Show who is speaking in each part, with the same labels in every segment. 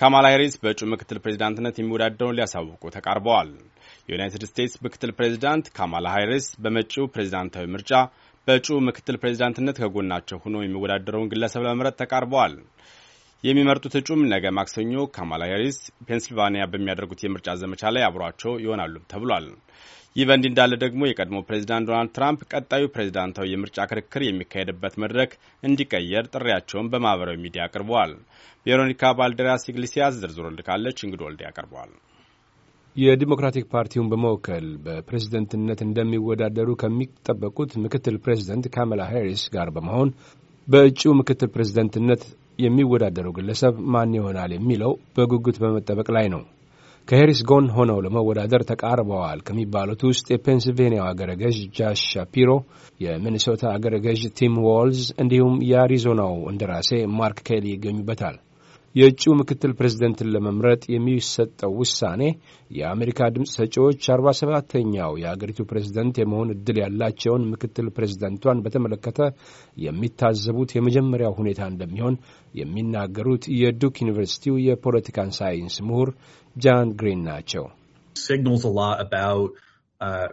Speaker 1: ካማላ ሄሪስ በእጩ ምክትል ፕሬዚዳንትነት የሚወዳደረውን ሊያሳውቁ ተቃርበዋል። የዩናይትድ ስቴትስ ምክትል ፕሬዚዳንት ካማላ ሃሪስ በመጪው ፕሬዚዳንታዊ ምርጫ በእጩ ምክትል ፕሬዚዳንትነት ከጎናቸው ሆኖ የሚወዳደረውን ግለሰብ ለመምረጥ ተቃርበዋል። የሚመርጡት እጩም ነገ ማክሰኞ ካማላ ሄሪስ ፔንስልቫኒያ በሚያደርጉት የምርጫ ዘመቻ ላይ አብሯቸው ይሆናሉ ተብሏል። ይህ በእንዲህ እንዳለ ደግሞ የቀድሞ ፕሬዚዳንት ዶናልድ ትራምፕ ቀጣዩ ፕሬዚዳንታዊ የምርጫ ክርክር የሚካሄድበት መድረክ እንዲቀየር ጥሪያቸውን በማህበራዊ ሚዲያ አቅርበዋል። ቬሮኒካ ባልደራስ ኢግሊሲያስ ዝርዝሮ ልካለች። እንግዶ ወልድ ያቀርበዋል።
Speaker 2: የዲሞክራቲክ ፓርቲውን በመወከል በፕሬዝደንትነት እንደሚወዳደሩ ከሚጠበቁት ምክትል ፕሬዝደንት ካማላ ሃሪስ ጋር በመሆን በእጩው ምክትል ፕሬዝደንትነት የሚወዳደረው ግለሰብ ማን ይሆናል የሚለው በጉጉት በመጠበቅ ላይ ነው። ከሄሪስ ጎን ሆነው ለመወዳደር ተቃርበዋል ከሚባሉት ውስጥ የፔንስልቬንያው አገረ ገዥ ጃሽ ሻፒሮ፣ የሚኒሶታ አገረ ገዥ ቲም ዋልዝ እንዲሁም የአሪዞናው እንደራሴ ማርክ ኬሊ ይገኙበታል። የእጩ ምክትል ፕሬዝደንትን ለመምረጥ የሚሰጠው ውሳኔ የአሜሪካ ድምፅ ሰጪዎች አርባ ሰባተኛው የአገሪቱ ፕሬዝደንት የመሆን እድል ያላቸውን ምክትል ፕሬዝደንቷን በተመለከተ የሚታዘቡት የመጀመሪያው ሁኔታ እንደሚሆን የሚናገሩት የዱክ ዩኒቨርሲቲው የፖለቲካን ሳይንስ ምሁር ጃን ግሪን
Speaker 1: ናቸው። uh, uh,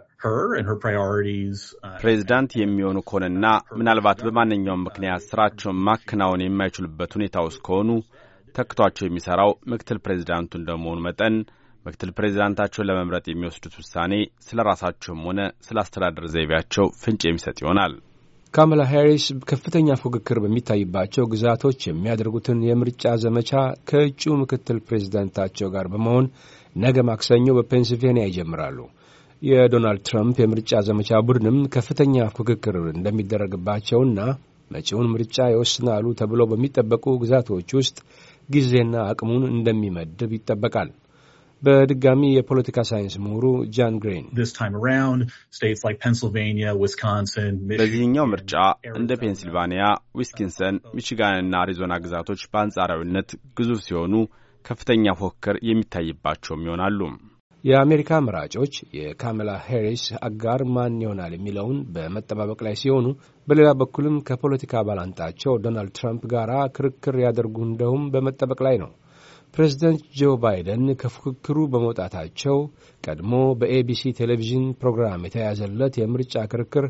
Speaker 1: ፕሬዚዳንት የሚሆኑ ከሆነና ምናልባት በማንኛውም ምክንያት ስራቸውን ማከናወን የማይችሉበት ሁኔታ ውስጥ ከሆኑ ተክቷቸው የሚሠራው ምክትል ፕሬዚዳንቱ እንደመሆኑ መጠን ምክትል ፕሬዚዳንታቸውን ለመምረጥ የሚወስዱት ውሳኔ ስለ ራሳቸውም ሆነ ስለ አስተዳደር ዘይቤያቸው ፍንጭ የሚሰጥ ይሆናል።
Speaker 2: ካማላ ሃሪስ ከፍተኛ ፉክክር በሚታይባቸው ግዛቶች የሚያደርጉትን የምርጫ ዘመቻ ከእጩ ምክትል ፕሬዚዳንታቸው ጋር በመሆን ነገ ማክሰኞ በፔንስልቬንያ ይጀምራሉ። የዶናልድ ትራምፕ የምርጫ ዘመቻ ቡድንም ከፍተኛ ፉክክር እንደሚደረግባቸውና መጪውን ምርጫ ይወስናሉ ተብሎ በሚጠበቁ ግዛቶች ውስጥ ጊዜና አቅሙን እንደሚመድብ ይጠበቃል። በድጋሚ የፖለቲካ ሳይንስ ምሁሩ ጃን ግሬን
Speaker 1: በዚህኛው ምርጫ እንደ ፔንሲልቫኒያ፣ ዊስኪንሰን፣ ሚችጋንና አሪዞና ግዛቶች በአንጻራዊነት ግዙፍ ሲሆኑ ከፍተኛ ፎክር የሚታይባቸውም ይሆናሉ።
Speaker 2: የአሜሪካ መራጮች የካሜላ ሄሪስ አጋር ማን ይሆናል የሚለውን በመጠባበቅ ላይ ሲሆኑ፣ በሌላ በኩልም ከፖለቲካ ባላንጣቸው ዶናልድ ትራምፕ ጋር ክርክር ያደርጉ እንደውም በመጠበቅ ላይ ነው። ፕሬዚደንት ጆ ባይደን ከፉክክሩ በመውጣታቸው ቀድሞ በኤቢሲ ቴሌቪዥን ፕሮግራም የተያዘለት የምርጫ ክርክር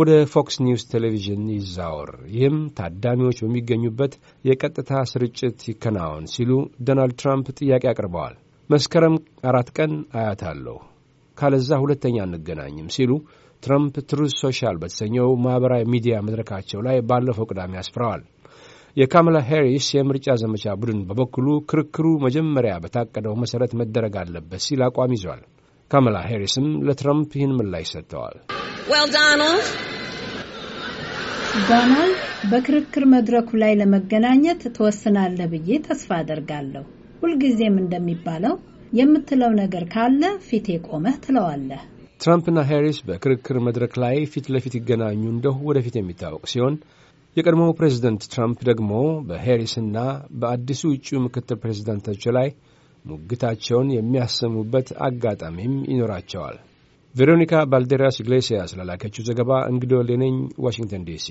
Speaker 2: ወደ ፎክስ ኒውስ ቴሌቪዥን ይዛወር፣ ይህም ታዳሚዎች በሚገኙበት የቀጥታ ስርጭት ይከናወን ሲሉ ዶናልድ ትራምፕ ጥያቄ አቅርበዋል። መስከረም አራት ቀን አያታለሁ፣ ካለዛ ሁለተኛ አንገናኝም ሲሉ ትረምፕ ትሩዝ ሶሻል በተሰኘው ማኅበራዊ ሚዲያ መድረካቸው ላይ ባለፈው ቅዳሜ አስፍረዋል። የካማላ ሄሪስ የምርጫ ዘመቻ ቡድን በበኩሉ ክርክሩ መጀመሪያ በታቀደው መሠረት መደረግ አለበት ሲል አቋም ይዟል። ካማላ ሄሪስም ለትረምፕ ይህን ምላሽ ሰጥተዋል።
Speaker 1: ዶናልድ፣ በክርክር መድረኩ ላይ ለመገናኘት ትወስናለህ ብዬ ተስፋ አደርጋለሁ ሁልጊዜም እንደሚባለው የምትለው ነገር ካለ ፊቴ ቆመህ ትለዋለህ።
Speaker 2: ትራምፕና ሄሪስ በክርክር መድረክ ላይ ፊት ለፊት ይገናኙ እንደሁ ወደፊት የሚታወቅ ሲሆን የቀድሞው ፕሬዚደንት ትራምፕ ደግሞ በሄሪስና በአዲሱ እጩ ምክትል ፕሬዚዳንቶች ላይ ሙግታቸውን የሚያሰሙበት አጋጣሚም ይኖራቸዋል። ቬሮኒካ ባልዴራስ ኢግሌሲያስ ላላከችው ዘገባ እንግዶ ሌነኝ ዋሽንግተን ዲሲ